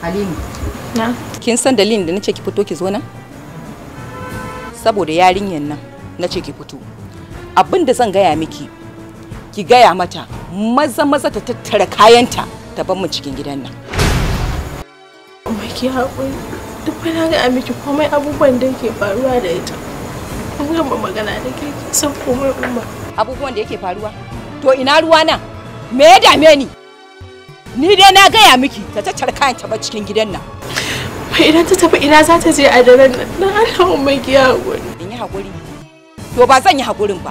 Halima. Na. Kin san dalilin da nace ki fito ki zo nan? Saboda yarinyar nan nace ki fito. Abin da zan gaya miki ki gaya mata maza maza ta tattara kayanta ta bar mu cikin gidan nan. Amma oh ki haƙuri. Duk ba na gaya miki komai abubuwan da ke faruwa da ita. Kun ma magana da ke san komai umma. Abubuwan da yake faruwa? To ina ruwa na? Me ya dame ni? Ni dai na gaya miki ta tattara kayan ta cikin gidan nan. Mai idan ta tafi ina za ta je a daren nan na Allah mai giya hakuri. In yi hakuri. To ba zan yi hakurin ba.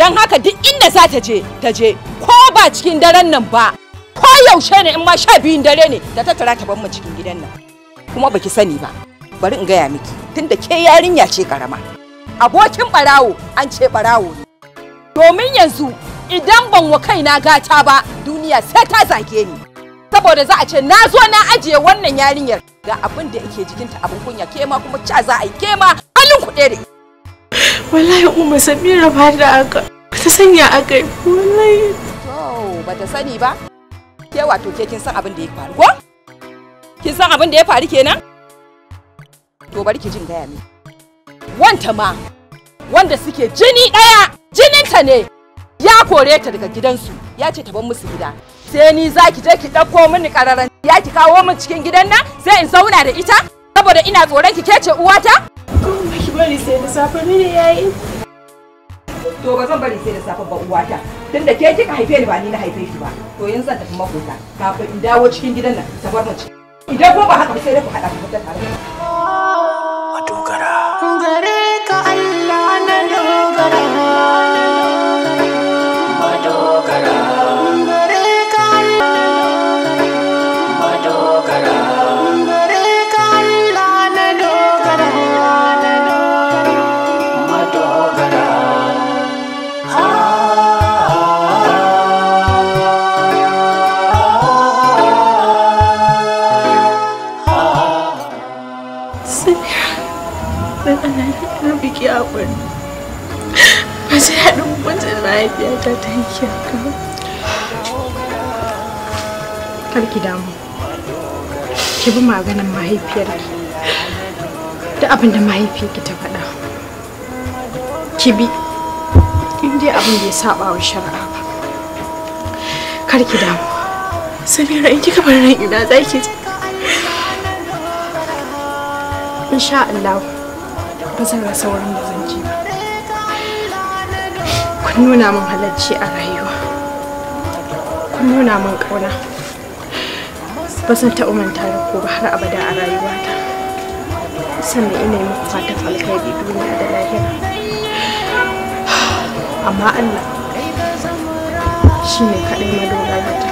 Don haka duk inda za ta je ta je ko ba cikin daren nan ba. Ko yaushe ne in ma sha biyun dare ne ta tattara ta bar mu cikin gidan nan. Kuma baki sani ba. Bari in gaya miki tunda ke yarinya ce karama. Abokin barawo an ce barawo ne. Domin yanzu idan ban wa kaina gata ba duniya sai ta zage ni saboda za a ce na zo na ajiye wannan yarinyar ga abin da yake jikinta abin kunya ke ma kuma ca za a yi ke ma halin kuɗe da wallahi umma samira ba da aka ta sanya aka yi wallahi to ba ta sani ba ke wato ke kin san abin da ya faru ko kin san abin da ya faru kenan to bari ki jin gaya mi wanta ma wanda suke jini ɗaya jininta ne ya kore ta daga gidansu ya ce ta bar musu gida sai ni za ki je ki ɗauko mini ƙararan ya ki kawo min cikin gidan nan sai in zauna da ita saboda ina tsoron ki kece uwata ki bari sai da safe mini yayi to ba zan bari sai da safe ba uwata tunda ke kika haife ni ba ni na haife shi ba to yanzu zan tafi makota kafin in dawo cikin gidan nan ta bar mace idan ko ba haka sai da ku haɗa ku ta tare madogara gare ka Allah ta tanki damu ki bi maganin mahaifiyarki da abin da mahaifiyarki ta faɗa ki bi in abin da ya saba wa shari'a ba karki damu samira in kika bar ran ina za ki insha Allah ba zan rasa wurin da zan kun nuna min halarci a rayuwa kun nuna min ƙauna ba san ta umanta da ko ba har abada a rayuwata sannan ina yi muku fatan alkhairi duniya da lahira amma Allah shi ne kaɗai madogara ta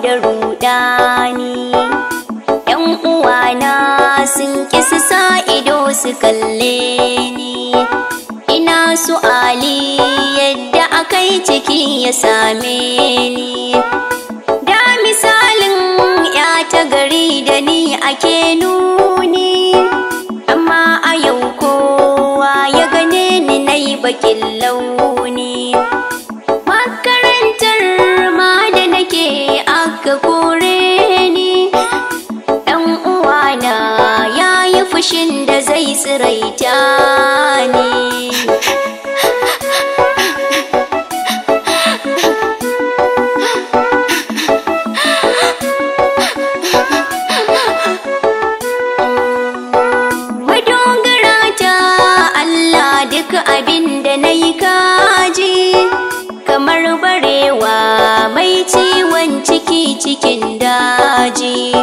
da rudani yan uwana sun ƙi su sa ido su kalle ni ina su ali yadda akai ciki ya same ni da misalin ya ta gari da ni ake nuni amma a yau kowa ya gane ni na yi bakin cikin daji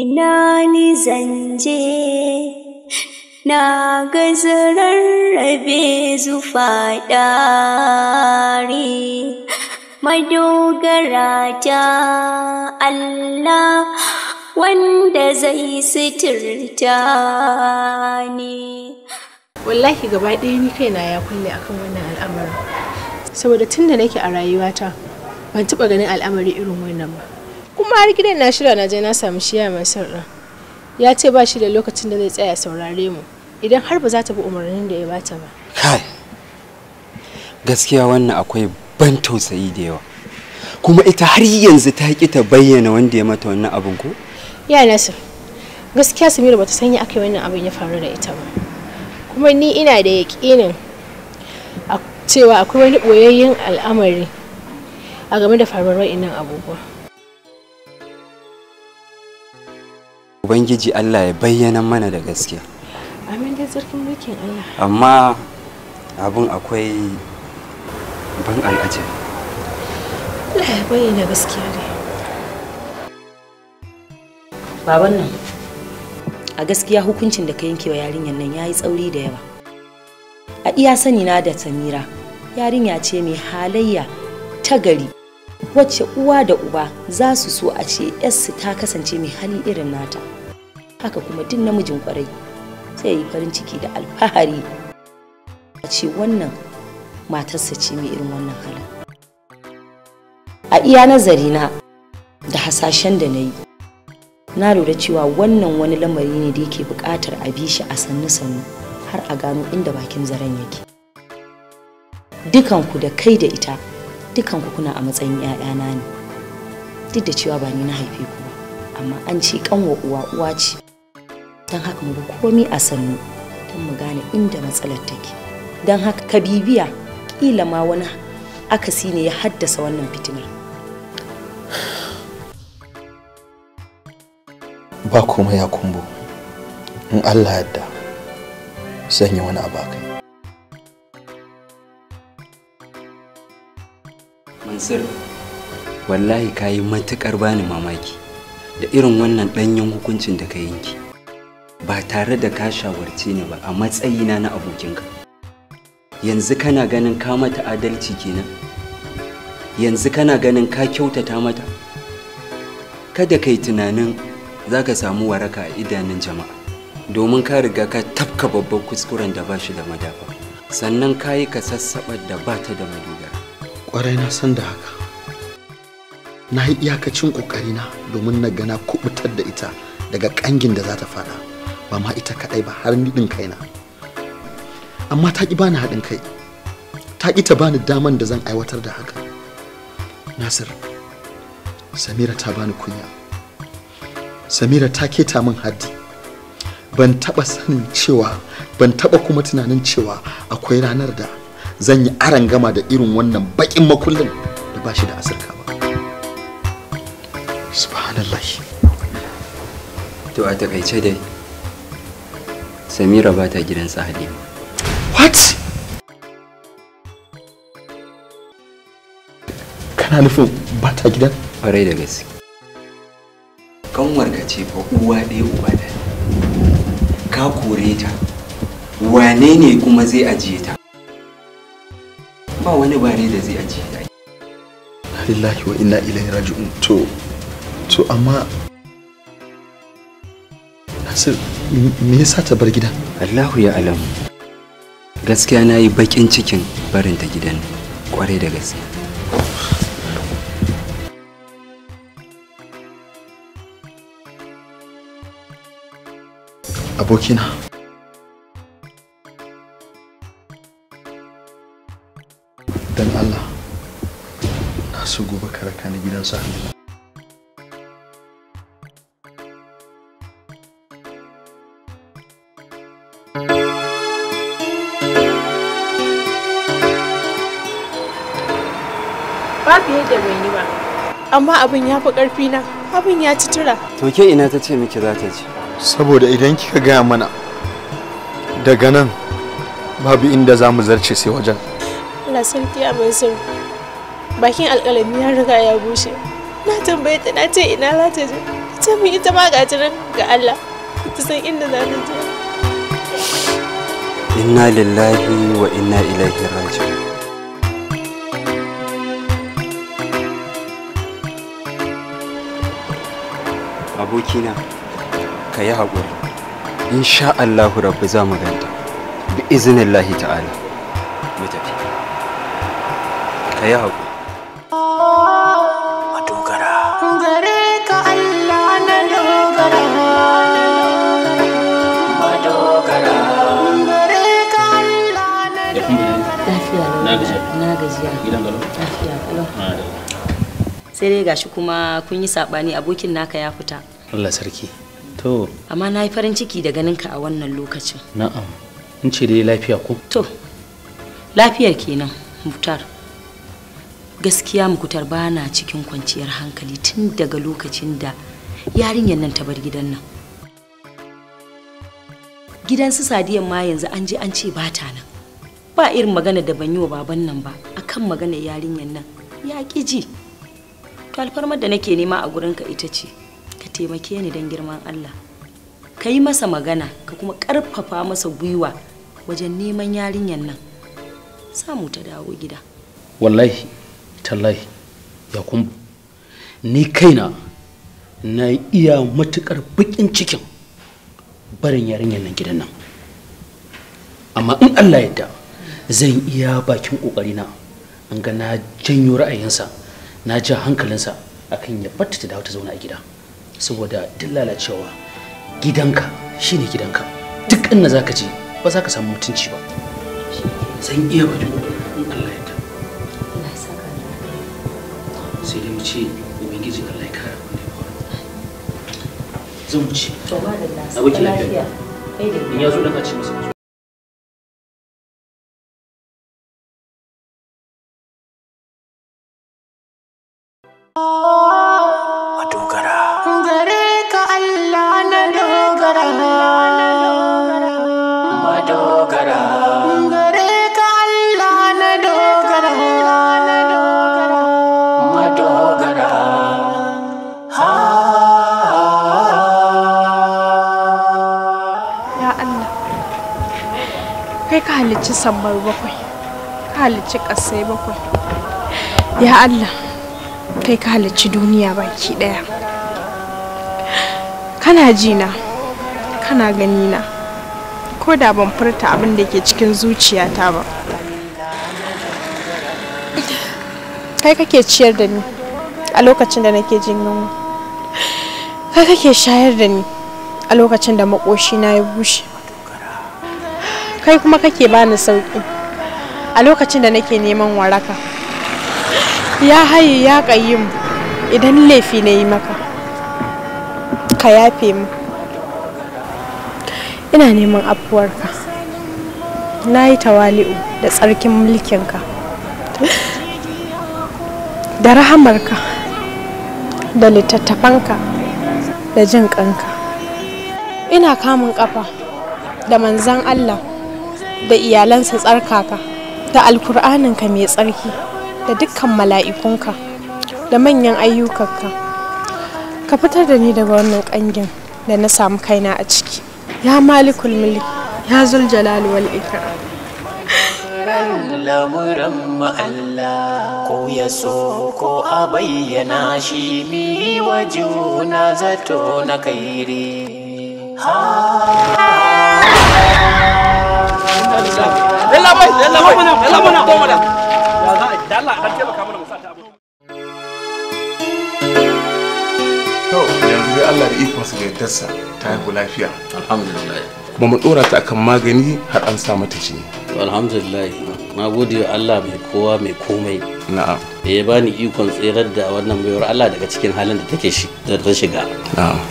ina ni zanje na ga zararrabe zufa ɗari madogara ta Allah wanda zai suturta ni. Wallahi gaba ɗaya ni kaina ya kulle akan wannan al'amarin. Saboda tun da nake a rayuwata ban taɓa ganin al'amari irin wannan ba. kuma har gidan na shirya na je na samu shiya mai sarra ya ce ba shi da lokacin da zai tsaya saurare mu idan har ba za ta bi umarnin da ya bata ba kai gaskiya wannan akwai ban tausayi da yawa kuma ita har yanzu ta ki ta bayyana wanda ya mata wannan abin ko ya nasir gaskiya samira bata sanya aka wannan abin ya faru da ita ba kuma ni ina da yaƙinin cewa akwai wani ɓoyayyen al'amari a game da faruwar wa'innan abubuwa ubangiji allah ya bayyana mana da gaskiya amin da sarkin mulkin allah amma abin akwai ban al'ajin allah ya bayyana gaskiya ne baban nan a gaskiya hukuncin da ka yanke wa yarinyar nan ya yi tsauri da yawa a iya sani na da samira yarinya ce mai halayya ta gari wacce uwa da uba za su so a ce 'yarsu ta kasance mai hali irin nata. haka kuma duk namijin kwarai sai yi farin ciki da alfahari a ce wannan matarsa ce mai irin wannan halin a iya nazari na da hasashen da na yi na lura cewa wannan wani lamari ne da yake buƙatar a bi shi a sannu-sannu har a gano inda bakin zaren yake dukanku da kai da ita dukanku kuna a matsayin 'ya'yana ne duk da cewa ba ni na haife ku ba amma an ce kanwa uwa uwa ce don haka mu komi a sannu don mu gane inda matsalar take don haka ka bibiya kila ma wani akasi ne ya haddasa wannan fitina ba komai ya kumbo in allah yadda sanya wani abaka mansur wallahi ka yi bani mamaki da irin wannan ɗanyen hukuncin da ka yanki ba tare da ka shawarce ni ba a matsayina na abokinka yanzu kana ganin ka mata adalci kenan yanzu kana ganin ka kyautata mata kada kai tunanin za ka samu waraka a idanun jama'a domin ka riga ka tafka babban kuskuren da ba shi da madafa sannan ka yi ka sassaɓar da ba ta da madogara ƙwarai na san da haka na yi iyakacin ƙoƙarina domin na gana kubutar da ita daga ƙangin da za ta faɗa ba ma ita kadai ba har ni din na amma ta ki bani haɗin kai ta ki ta bani daman da zan aiwatar da haka nasir samira ta bani kunya samira ta keta min haddi ban taba sanin cewa ban taba kuma tunanin cewa akwai ranar da zan yi gama da irin wannan bakin makullin da ba shi da asirka ba subhanallah to a takaice dai Samira ba ta gidansa Halima. What? Kana nufin ba ta gidan? Ƙwarai da gaske. Kanwarka ce fa uwa ɗaya uba da Ka kore ta. Wane ne kuma zai ajiye ta? Ba wani bare da zai ajiye ta. Lillahi wa inna ilaihi raji'un to to amma Nasir me yasa ta bar gida Allahu ya alamu gaskiya na yi bakin cikin barin ta gidan kwarai da gaske abokina dan Allah na so gobe karaka na gidan su ba fiye da yi ba amma abin ya fi ƙarfi na abin ya ci tura to ke ina ta ce miki za ta ci saboda idan kika gaya mana daga nan babu inda za mu zarce sai wajen Allah sarki a mansur bakin alƙalami ya riga ya bushe na tambaye ta na ce ina za ta je ta mu ita ma ga ga Allah ta san inda za ta je inna lillahi wa inna ilaihi raji'un abokina ka yi haƙuri insha Allahu rabu za mu ganta bi izinin lahi ta'ala mu tafi ka yi haƙuri na gajiya sai dai gashi kuma kun yi sabani abokin naka ya fita Allah sarki. To. Amma na yi farin ciki da ganin ka a wannan lokacin. Na'am. In ce dai lafiya ko? To. Lafiyar kenan, Muftar. Gaskiya Muktar ba na cikin kwanciyar hankali tun daga lokacin da yarinyar nan ta bar gidan nan. Gidan su Sadiyan ma yanzu an je an ce ba ta nan. Ba irin magana da ban yi wa baban nan ba akan maganar yarinyar nan. Ya ƙi ji. To alfarmar da nake nema a gurinka ita ce. ka taimake ni don girman Allah ka yi masa magana ka kuma ƙarfafa masa gwiwa wajen neman yarinyar nan samu ta dawo gida wallahi tallahi ya kumbu ni kaina na iya matukar baƙin cikin barin yarinyar nan gidan nan amma in Allah yadda zan iya bakin ƙoƙarina an ga na janyo ra'ayinsa na ja hankalinsa akan ya batta ta dawo ta zauna a gida saboda duk lalacewa gidanka shine gidanka duk inda zaka je ba za ka samu mutunci ba san iya bakin in Allah ya sai dai mu ce ubangiji Allah ya zan lafiya in ya zo ka halicci sabbar bakwai ka halicci ƙasai bakwai ya allah kai ka halicci duniya baki ɗaya kana jina kana ganina ko da ban furta abin da ke cikin zuciyata ba kai kake ciyar da ni a lokacin da nake jin yunwa kai kake shayar da ni a lokacin da makoshi na ya bushe kai kuma kake bani sauki a lokacin da nake neman waraka ya haye ya kayyum idan laifi na yi maka ka yafe mu ina neman afuwarka na yi tawali'u da tsarkin ka, da rahamarka da littattafanka da jin kanka ina kamun ƙafa da manzan allah da iyalansa tsarkaka da alkur'aninka mai tsarki da dukkan mala'ikunka da manyan ayyukanka ka fitar da ni daga wannan kangin da na samu kaina a ciki ya malikul mulki ya zul jalal wal ikram ya so ko a bayyana shi mi wa juna zato na kairi yalla bai yanzu Allah da ikon sa ta haihu lafiya alhamdulillah kuma mu dora ta akan magani har an sa mata jini alhamdulillah na gode wa Allah mai kowa mai komai da ya bani ikon tserar da wannan baiwar Allah daga cikin halin da take shi da ta shiga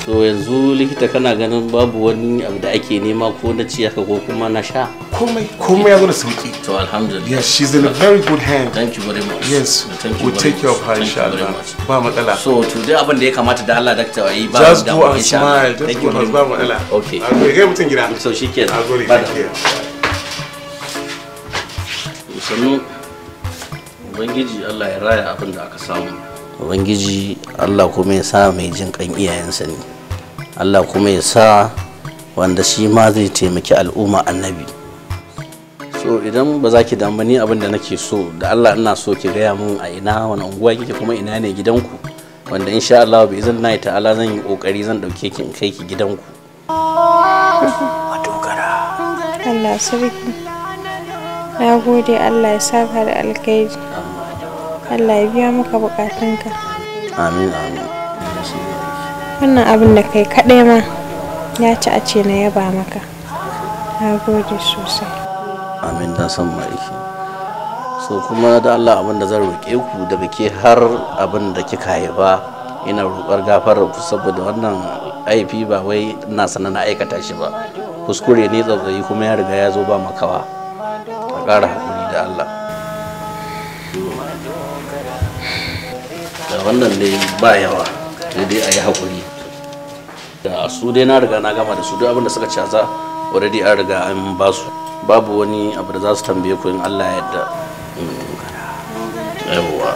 so yanzu likita kana ganin babu wani abu da ake nema ko na ci haka ko kuma na sha komai komai ya zo da sauki to alhamdulillah yes she's in a very good hand thank you very much yes thank you we take your of her insha Allah ba matsala so today abin da ya kamata da Allah dakta yi ba da insha Allah just go and smile just ba matsala okay a ga mutum gida so shikenan ba da sannu ubangiji allah ya raya abin da aka samu ubangiji allah kuma ya sa mai jin kan iyayensa ne allah kuma ya sa wanda shi ma zai taimaki al'umma annabi so idan ba za ki damu ni abin da nake so da allah ina so ki gaya mun a ina wani unguwa kike kuma ina ne gidanku wanda insha allah bai zan na ta'ala zan yi kokari zan dauke ki in kai ki gidanku dogara allah sarki na gode allah ya saka da alkhairi allah ya biya maka bukatunka amin amin wannan abin da kai kaɗai ma ya ci a ce na yaba maka na gode sosai amin da san ma'aiki so kuma da allah abin da zan roƙe ku da ke har abin da kika haifa ina roƙar gafarar saboda wannan aifi ba wai na sanana aikata shi ba kuskure ne tsatsayi kuma ya riga ya zo ba makawa ƙara haƙuri da Allah da wannan dai ba yawa sai dai a yi haƙuri da su dai na riga na gama da su duk abin da suka caza already an riga an ba su babu wani abu da za su tambaye ku in Allah ya yadda yawwa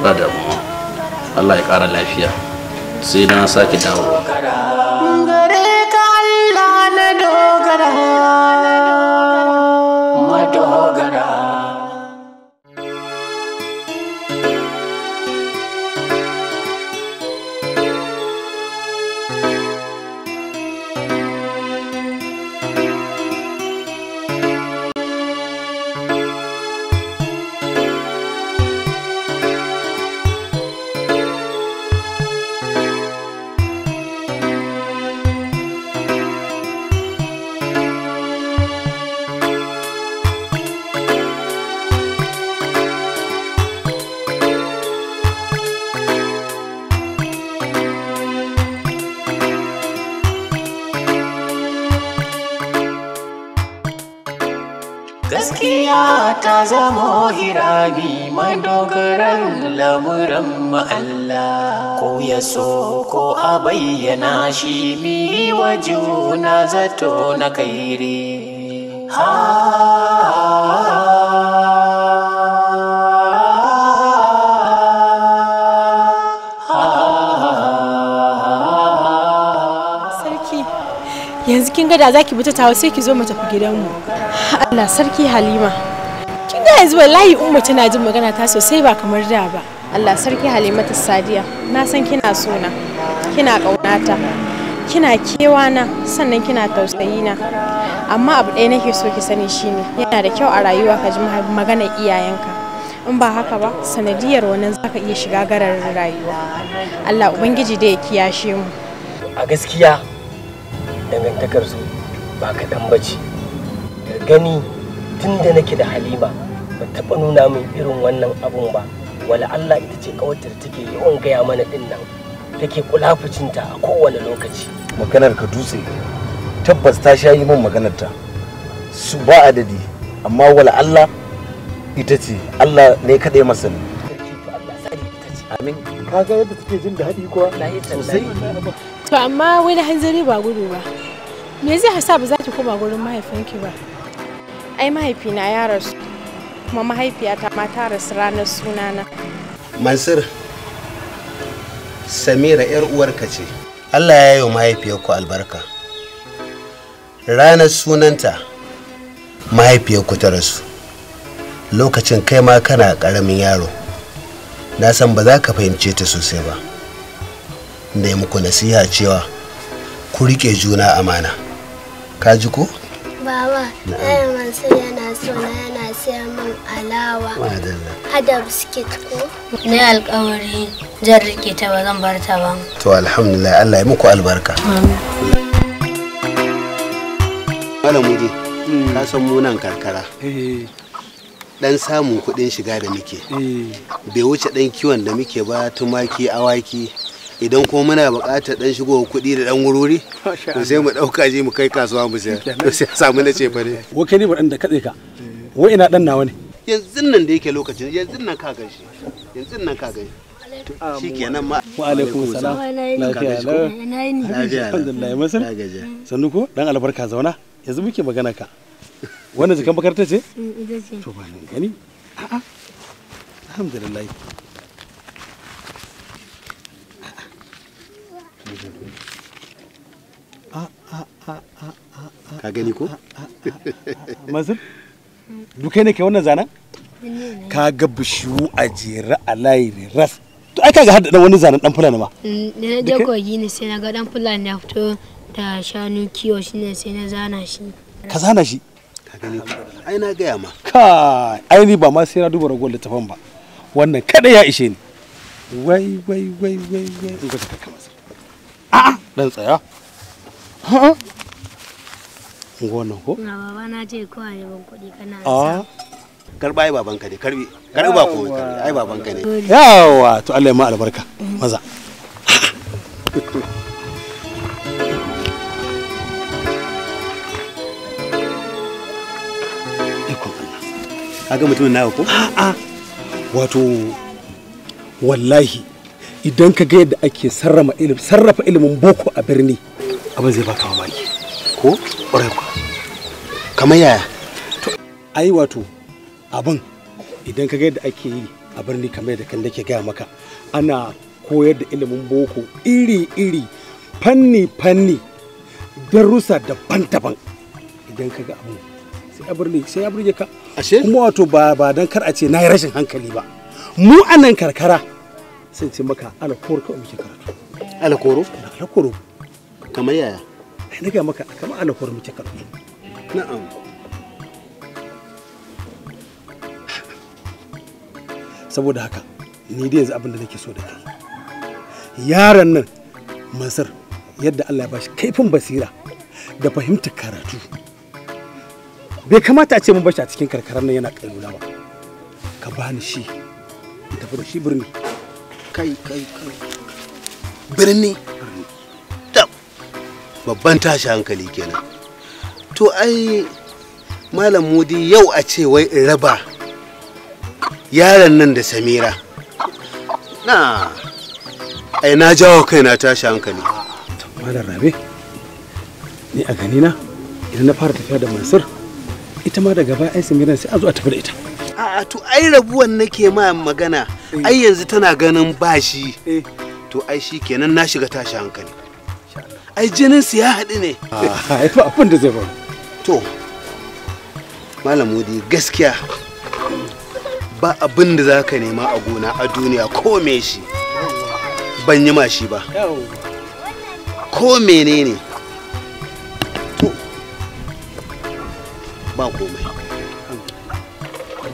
ba mu Allah ya ƙara lafiya sai na sake dawo. Gare ka Allah na dogara. ta zama mai madogaran lamuran ma'alla ko ya so ko a bayyana shi mi wa juna zato na kairi yanzu kin ga da zaki bi ta tawa sai ki zo mu tafi gidanmu Allah sarki Halima da yanzu wallahi umma tana jin magana ta sosai ba kamar da ba Allah sarki Halimatu Sadiya na san kina sona kina kaunata kina kewa na sannan kina tausayi na amma abu ɗaya nake so ki sani shine yana da kyau a rayuwa ka ji magana iyayenka in ba haka ba sanadiyar wannan zaka iya shiga garar rayuwa Allah ubangiji da ya kiyashe mu a gaskiya dangantakar su ba kaɗan bace gani tunda nake da Halima ba taɓa nuna min irin wannan abun ba wala Allah ita ce kawatar take yawan gaya mana din nan take kulafucinta a kowane lokaci maganar ka dutse tabbas ta sha yi min maganar ta su ba adadi amma wala Allah ita ce Allah ne kaɗai ne amin ga yadda take jin daɗi kuwa sosai to amma wai na hanzari ba gudu ba me zai hasa ba za ki koma gurin mahaifinki ba ai mahaifina ya rasu kuma mahaifiyata ma ta rasu ranar sunana mansur samira yar uwarka ce allah ya yi mahaifiyarku albarka ranar sunanta mahaifiyarku ta rasu lokacin kai ma kana ƙaramin yaro na san ba za ka fahimce ta sosai ba da yi muku nasiha cewa ku riƙe juna amana ka ji ko? baba ɗaya masu yana so na yana siya min alawa hada biskit ko na alkawari zan rike ta ba zan bar ta ba to alhamdulillah Allah ya muku albarka malam muje ka san mu nan karkara eh. dan samun kuɗin shiga da muke eh. bai wuce dan kiwon da muke ba tumaki awaki idan ko muna buƙatar dan shigo kuɗi da dan wururi to sai mu ɗauka je mu kai kasuwa mu sayar to sai samu na ce kai ne wakili ba dan da katse ka wai ina dan nawa ne yanzu nan da yake lokacin yanzu nan ka gan shi yanzu nan ka gan shi kenan ma wa alaikum salam lafiya lafiya alhamdulillah masal sannu ko dan albarka zauna yanzu muke magana ka wanda zakan bakarta mm, ce to ba nan gani a'a alhamdulillah ka gani ko? dukai ne ke wannan zanen ka ga bishiyu a jere a layi ras to ai ga hada wani zanen dan fulani ma da mm, na je kogi ne sai na ga dan fulani ya fito da shanu kiwo shine sai na zana shi ka zana shi ai na gaya ma kai ai ni ba ma sai na duba ragowar littafin ba wannan kada ya ishe ni wai wai wai wai wai in ka kama a'a dan tsaya wannan ko na baba na ce ko a yawan kuɗi kana ah. a karba ai baban ka ne karbi karba ko ai baban ka ne yawa to Allah ya ma albarka maza kaga mutumin nawa ko a'a wato wallahi idan ka ga yadda ake sarrafa ilimin boko a birni abin zai baka ko ƙwarai ku kamar yaya ai wato abin idan ka ga yadda ake yi a birni kamar yadda kan dake gaya maka ana koyar da ilimin boko iri-iri fanni-fanni darussa daban-daban idan ka ga abin sai a birni sai a burge ka ashe kuma wato ba ba dan kar a ce na yi rashin hankali ba mu a nan karkara sun ce maka alakoro kawai muke karatu alakoro alakoro kamar yaya ai na maka kama ana kwar na'am saboda haka ni da yanzu abin da nake so da kai yaron nan masar yadda Allah ya bashi kaifin basira da fahimtar karatu bai kamata a ce mun bashi a cikin karkarar nan yana kailula ba ka bani shi shi birni kai kai kai birni babban tashi hankali kenan to ai malam mudi yau a ce wai in raba yaran nan da samira na ai na jawo kaina tashi hankali malam rabe ni a gani na idan na fara tafiya da mansur ita ma daga baya ai samira sai a zo a tafi da ita a'a to ai rabuwan nake ma magana eh. ai yanzu tana ganin bashi eh. to ai shi kenan na shiga tashi hankali ai jinin su ya haɗu ne haifa ah, abin da zai faru to malam gaskiya ba abin da za ka nema a gona a duniya ko me shi ban yi mashi ba ko menene to ba komai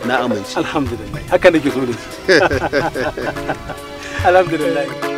na amince alhamdulillah haka nake so da alhamdulillah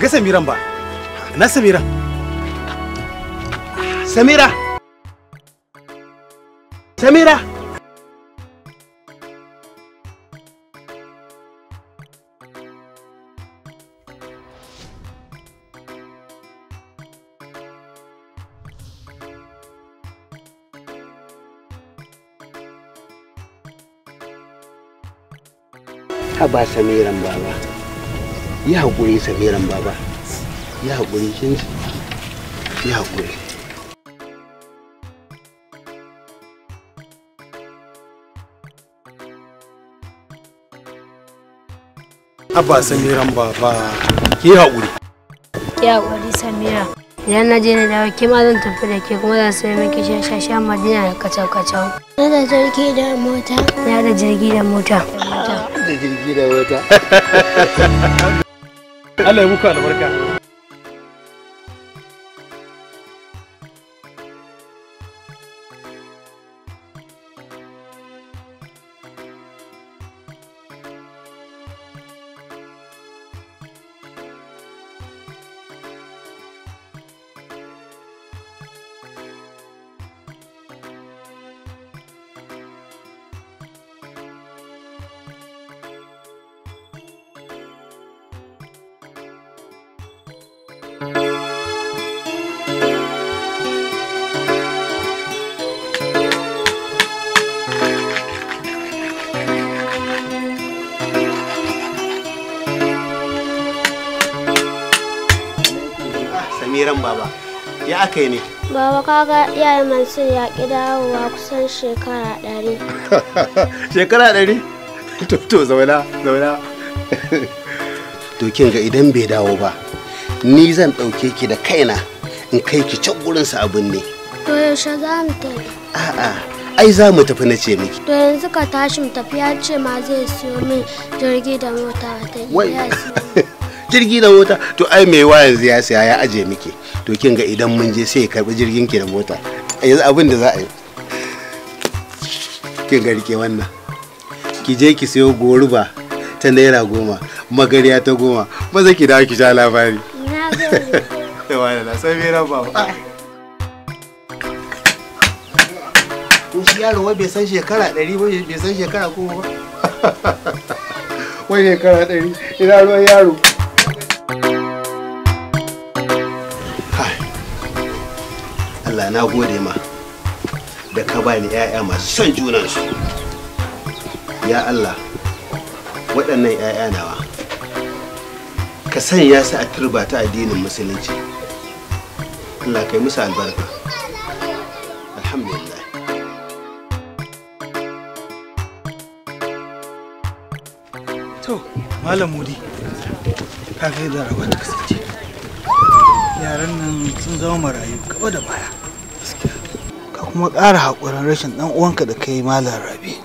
ga samiran ba na samira samira samira ba samiran baba yi haƙuri samiran baba yi haƙuri kin yi haƙuri Abba Samiran baba ki haƙuri. Ki haƙuri Samira. Idan na je na dawo ke ma zan tafi da ke kuma zan sai miki shashasha madina da kacau-kacau. Na da jirgi da mota. Na da jirgi da mota. Na da jirgi da mota. Allah ya muku albarka kaga yayin mansur ya ƙi dawowa kusan shekara ɗari shekara ɗari to zauna zauna to kin ga idan bai dawo ba ni zan ɗauke ki da kaina in kai ki can gurinsa abin ne to yaushe za mu tafi a'a ai za mu tafi na ce miki to yanzu ka tashi mu tafi ya ce ma zai siyo min jirgi da mota ta jirgi da mota to ai mai wa yanzu ya siya ya aje miki to kin ga idan mun je sai ya karbi jirgin ki da mota yanzu abin da za a yi kin ga rike wannan ki je ki sayo goruba ta naira goma magariya ta goma ba za ki dawo ki sha labari na sai shi yaro wai bai san shekara ɗari ba bai san shekara kuma ba wai shekara ɗari ina ruwan yaro Allah na gode ma da ka bani ‘ya'ya masu son junansu ya Allah waɗannan ‘ya'ya nawa ka sanya su a turba ta addinin musulunci Allah kai musu albarka alhamdulillah to malam mudi ka kai da rawa ta kasance yaran nan sun zama marayu kaba da baya kuma ƙara haƙurin rashin ɗan uwanka da kai malam rabi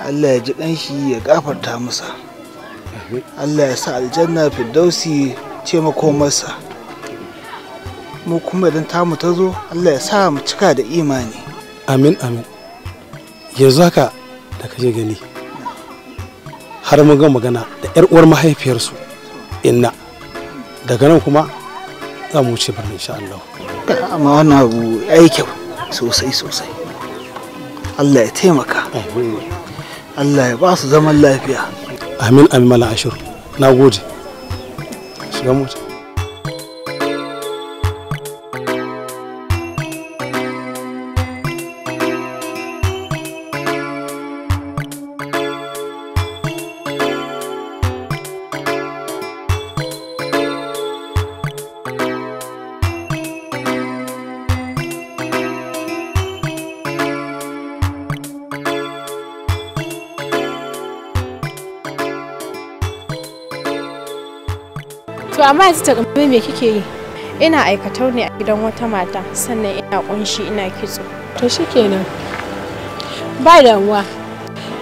allah ya ji ƙanshi ya ƙafarta masa allah ya sa aljanna firdausi ce makomarsa mu kuma idan tamu ta zo allah ya sa mu cika da imani amin amin yanzu haka da kaje gani har mun ga magana da 'yar uwar mahaifiyarsu inna daga nan kuma zamu mu wuce birnin insha Allah amma wannan abu yayi kyau sosai sosai Allah ya taimaka Allah ya ba su zaman lafiya amin amin mala ashir na gode shiga mota yanzu ta me kike yi ina aikatau ne a gidan wata mata sannan ina kunshi ina kitso to shikenan ba damuwa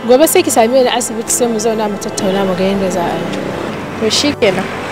gobe sai ki same ni asibiti sai mu zauna mu tattauna mu ga yadda za a yi to shikenan